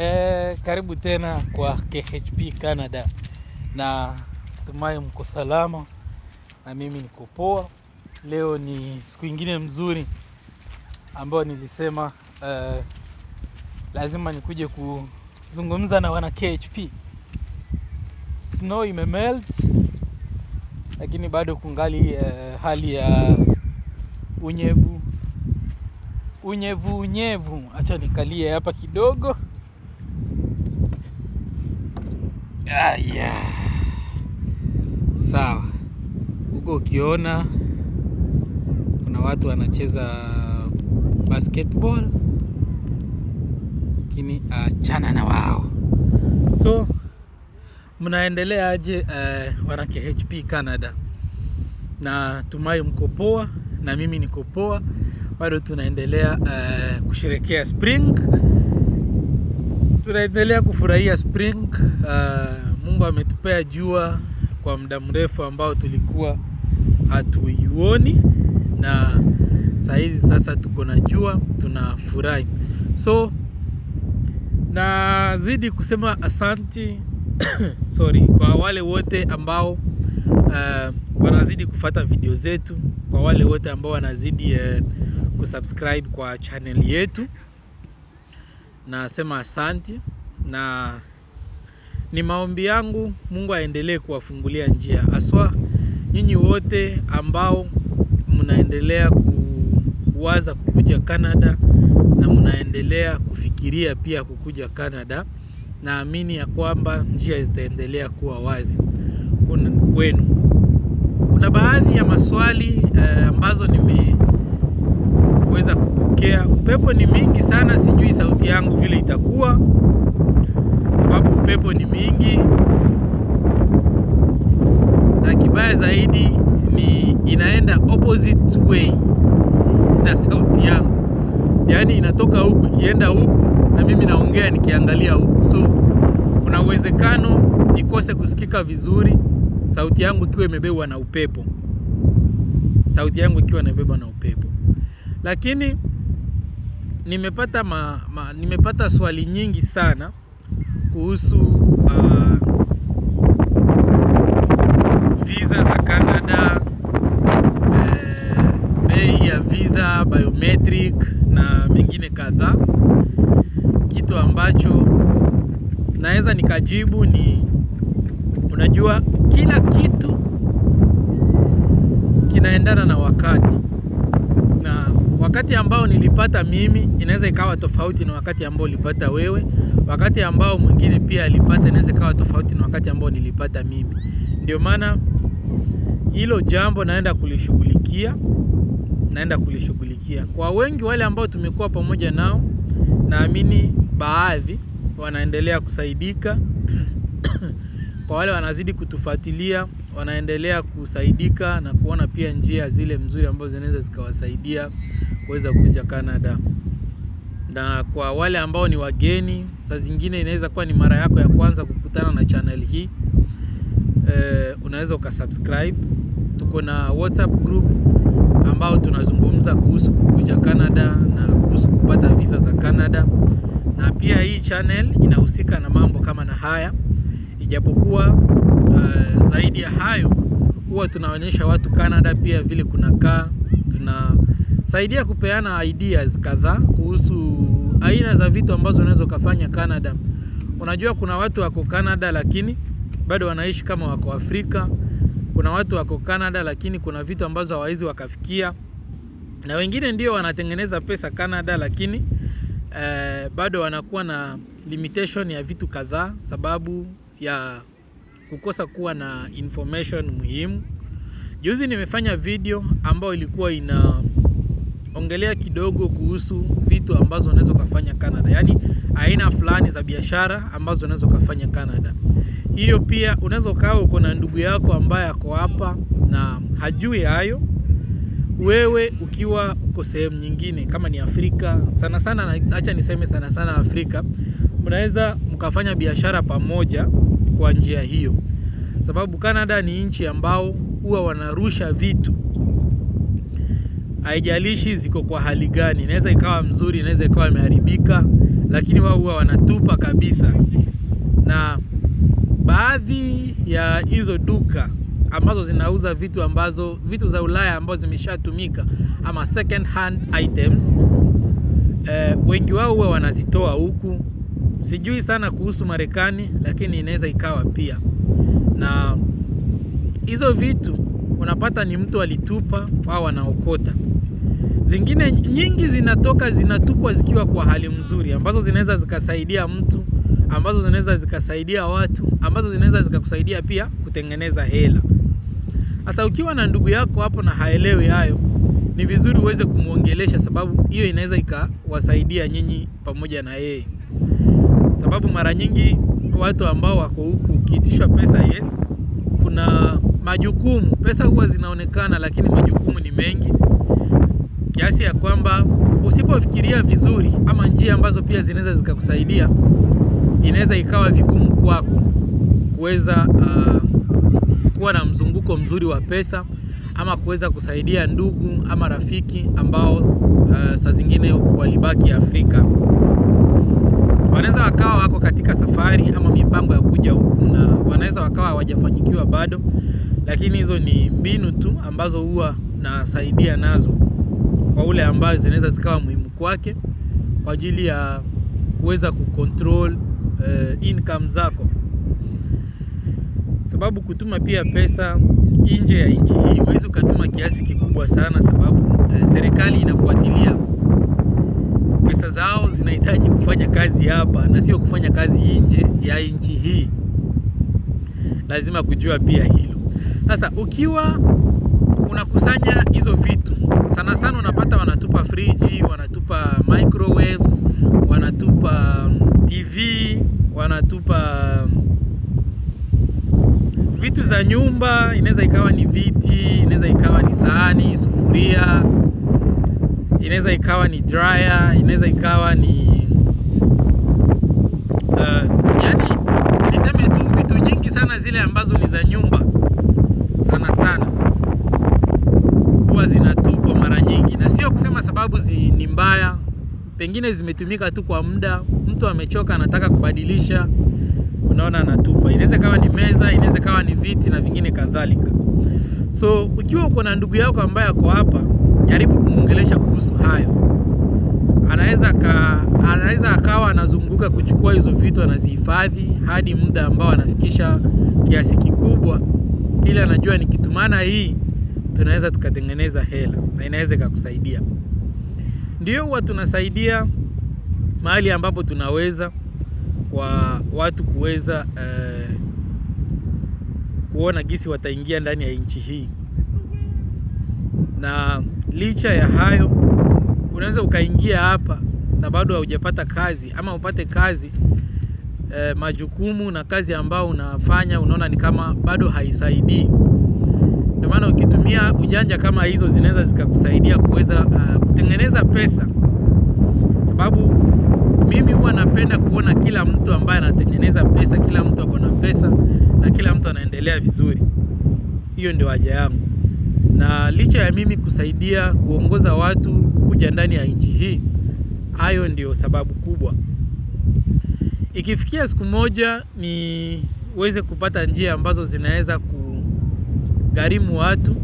Eh, karibu tena kwa KHP Canada, na tumai mko salama na mimi niko poa. Leo ni siku ingine mzuri ambayo nilisema eh, lazima nikuje kuzungumza na wana KHP. Snow imemelt lakini bado kungali eh, hali ya unyevu unyevu unyevu. Acha nikalie hapa kidogo Aya, sawa. Huko ukiona kuna watu wanacheza basketball, lakini achana ah, na wao. So mnaendelea aje? Uh, eh, wana KHP Canada, na tumai mko poa, na mimi niko poa, bado tunaendelea uh, kusherekea spring Tunaendelea kufurahia spring. Uh, Mungu ametupea jua kwa muda mrefu ambao tulikuwa hatuioni, na saa hizi sasa tuko na jua, tunafurahi. So nazidi kusema asanti sorry, kwa wale wote ambao uh, wanazidi kufata video zetu, kwa wale wote ambao wanazidi uh, kusubscribe kwa channel yetu nasema asanti, na ni maombi yangu Mungu aendelee kuwafungulia njia, haswa nyinyi wote ambao mnaendelea kuwaza kukuja Canada na mnaendelea kufikiria pia kukuja Canada. Naamini ya kwamba njia zitaendelea kuwa wazi kwenu. Kuna baadhi ya maswali eh, ambazo nime kuweza kupokea. Upepo ni mingi sana, sijui sauti yangu vile itakuwa, sababu upepo ni mingi, na kibaya zaidi ni inaenda opposite way na sauti yangu, yaani inatoka huku ikienda huku na mimi naongea nikiangalia huku, so kuna uwezekano nikose kusikika vizuri, sauti yangu ikiwa imebebwa na upepo sauti yangu ikiwa imebebwa na upepo. Lakini nimepata, ma, ma, nimepata swali nyingi sana kuhusu uh, visa za Canada eh, bei ya visa biometric na mengine kadhaa. Kitu ambacho naweza nikajibu ni unajua, kila kitu kinaendana na wakati na Wakati ambao nilipata mimi inaweza ikawa tofauti na wakati ambao ulipata wewe. Wakati ambao mwingine pia alipata inaweza ikawa tofauti na wakati ambao nilipata mimi. Ndio maana hilo jambo naenda kulishughulikia, naenda kulishughulikia. Kwa wengi wale ambao tumekuwa pamoja nao, naamini baadhi wanaendelea kusaidika. Kwa wale wanazidi kutufuatilia, wanaendelea kusaidika na kuona pia njia zile mzuri ambazo zinaweza zikawasaidia kuweza kuja Canada. Na kwa wale ambao ni wageni, saa zingine inaweza kuwa ni mara yako ya kwanza kukutana na channel hii e, unaweza ukasubscribe. Tuko na WhatsApp group ambao tunazungumza kuhusu kukuja Canada na kuhusu kupata visa za Canada, na pia hii channel inahusika na mambo kama na haya, ijapokuwa uh, zaidi ya hayo huwa tunaonyesha watu Canada pia vile kunakaa, tuna saidia kupeana ideas kadhaa kuhusu aina za vitu ambazo unaweza ukafanya Canada. Unajua kuna watu wako Canada lakini bado wanaishi kama wako Afrika. Kuna watu wako Canada lakini kuna vitu ambazo hawawezi wakafikia, na wengine ndio wanatengeneza pesa Canada lakini eh, bado wanakuwa na limitation ya vitu kadhaa sababu ya kukosa kuwa na information muhimu. Juzi nimefanya video ambayo ilikuwa ina ongelea kidogo kuhusu vitu ambazo unaweza ukafanya Canada, yaani aina fulani za biashara ambazo unaweza ukafanya Canada. Hiyo pia unaweza ukawa uko na ndugu yako ambaye ako hapa na hajui hayo, wewe ukiwa uko sehemu nyingine kama ni Afrika sana sana, acha niseme sana sana Afrika, mnaweza mkafanya biashara pamoja kwa njia hiyo, sababu Canada ni nchi ambao huwa wanarusha vitu haijalishi ziko kwa hali gani, inaweza ikawa mzuri, inaweza ikawa imeharibika, lakini wao huwa wanatupa kabisa. Na baadhi ya hizo duka ambazo zinauza vitu ambazo vitu za Ulaya ambazo zimeshatumika ama second hand items eh, wengi wao huwa wanazitoa huku. Sijui sana kuhusu Marekani, lakini inaweza ikawa pia na hizo vitu unapata ni mtu alitupa au anaokota. Zingine nyingi zinatoka zinatupwa zikiwa kwa hali mzuri, ambazo zinaweza zikasaidia mtu, ambazo zinaweza zikasaidia watu, ambazo zinaweza zikakusaidia pia kutengeneza hela. Sasa ukiwa na ndugu yako hapo na haelewi hayo, ni vizuri uweze kumwongelesha, sababu hiyo inaweza ikawasaidia nyinyi pamoja na yeye, sababu mara nyingi watu ambao wako huku ukiitishwa pesa, yes, kuna majukumu. Pesa huwa zinaonekana, lakini majukumu ni mengi kiasi ya kwamba usipofikiria vizuri ama njia ambazo pia zinaweza zikakusaidia, inaweza ikawa vigumu kwako kuweza uh, kuwa na mzunguko mzuri wa pesa ama kuweza kusaidia ndugu ama rafiki ambao uh, saa zingine walibaki Afrika, wanaweza wakawa wako katika safari ama mipango ya kuja huku, na wanaweza wakawa hawajafanyikiwa bado, lakini hizo ni mbinu tu ambazo huwa nasaidia nazo kwa ule ambayo zinaweza zikawa muhimu kwake kwa ajili ya kuweza kucontrol uh, income zako, sababu kutuma pia pesa nje ya nchi hii huwezi ukatuma kiasi kikubwa sana, sababu uh, serikali inafuatilia pesa zao, zinahitaji kufanya kazi hapa na sio kufanya kazi nje ya nchi hii. Lazima kujua pia hilo. Sasa ukiwa unakusanya hizo vitu sana sana, unapata wanatupa friji, wanatupa microwaves, wanatupa TV, wanatupa vitu za nyumba. Inaweza ikawa ni viti, inaweza ikawa ni sahani, sufuria, inaweza ikawa ni dryer, inaweza ikawa ni uh, yani niseme tu vitu nyingi sana zile ambazo ni za nyumba sana sana sababu zi ni mbaya, pengine zimetumika tu kwa muda, mtu amechoka, anataka kubadilisha, unaona, anatupa. Inaweza kawa ni meza, inaweza kawa ni viti na vingine kadhalika. So ukiwa uko na ndugu yako ambaye ako hapa, jaribu kumwongelesha kuhusu hayo. Anaweza ka, anaweza akawa anazunguka kuchukua hizo vitu, anazihifadhi hadi muda ambao anafikisha kiasi kikubwa, ili anajua ni kitu, maana hii tunaweza tukatengeneza hela na inaweza ikakusaidia. Ndio huwa tunasaidia mahali ambapo tunaweza kwa watu kuweza eh, kuona gisi wataingia ndani ya nchi hii, na licha ya hayo, unaweza ukaingia hapa na bado haujapata kazi ama upate kazi eh, majukumu na kazi ambayo unafanya unaona ni kama bado haisaidii. Ndio maana ukitumia ujanja kama hizo zinaweza zikakusaidia kuweza uh, kutengeneza pesa, sababu mimi huwa napenda kuona kila mtu ambaye anatengeneza pesa, kila mtu ako na pesa na kila mtu anaendelea vizuri. Hiyo ndio haja yangu, na licha ya mimi kusaidia kuongoza watu kuja ndani ya nchi hii, hayo ndio sababu kubwa. Ikifikia siku moja niweze kupata njia ambazo zinaweza gharimu watu,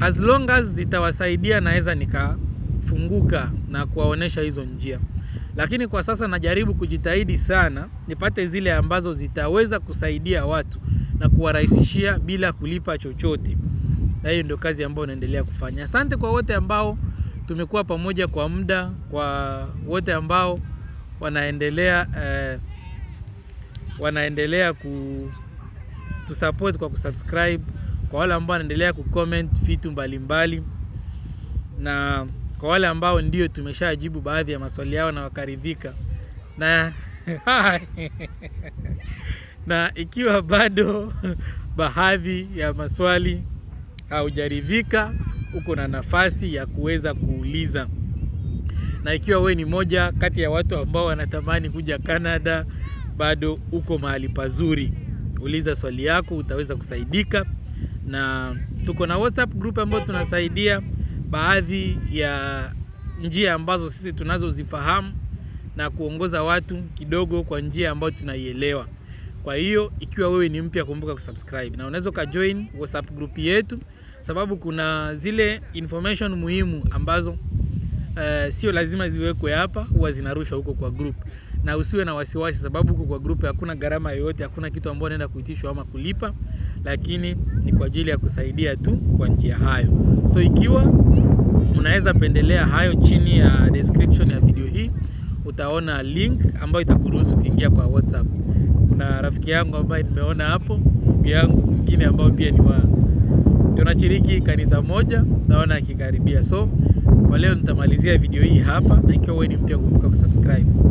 as long as zitawasaidia naweza nikafunguka na kuwaonesha hizo njia, lakini kwa sasa najaribu kujitahidi sana nipate zile ambazo zitaweza kusaidia watu na kuwarahisishia bila kulipa chochote, na hiyo ndio kazi ambayo naendelea kufanya. Asante kwa wote ambao tumekuwa pamoja kwa muda, kwa wote ambao wanaendelea eh, wanaendelea ku tusupport kwa kusubscribe, kwa wale ambao wanaendelea kucomment vitu mbalimbali na kwa wale ambao ndio tumeshajibu baadhi ya maswali yao na wakaridhika na na ikiwa bado baadhi ya maswali haujaridhika, uko na nafasi ya kuweza kuuliza. Na ikiwa we ni moja kati ya watu ambao wanatamani kuja Canada, bado uko mahali pazuri uliza swali yako, utaweza kusaidika, na tuko na WhatsApp group ambayo tunasaidia baadhi ya njia ambazo sisi tunazozifahamu na kuongoza watu kidogo kwa njia ambayo tunaielewa. Kwa hiyo ikiwa wewe ni mpya, kumbuka kusubscribe na unaweza ukajoin WhatsApp group yetu, sababu kuna zile information muhimu ambazo uh, sio lazima ziwekwe hapa, huwa zinarushwa huko kwa group na usiwe na wasiwasi, sababu huko kwa grupu hakuna gharama yoyote, hakuna kitu ambacho unaenda kuitishwa ama kulipa, lakini ni kwa ajili ya kusaidia tu kwa njia hayo. So ikiwa unaweza pendelea hayo, chini ya description ya video hii utaona link ambayo itakuruhusu kuingia kwa WhatsApp. Kuna rafiki yangu ambaye nimeona hapo, ndugu yangu mwingine ambao pia ni wa tunashiriki kanisa moja, naona akikaribia. So kwa leo nitamalizia video hii hapa, na ikiwa wewe ni mpya, kumbuka kusubscribe.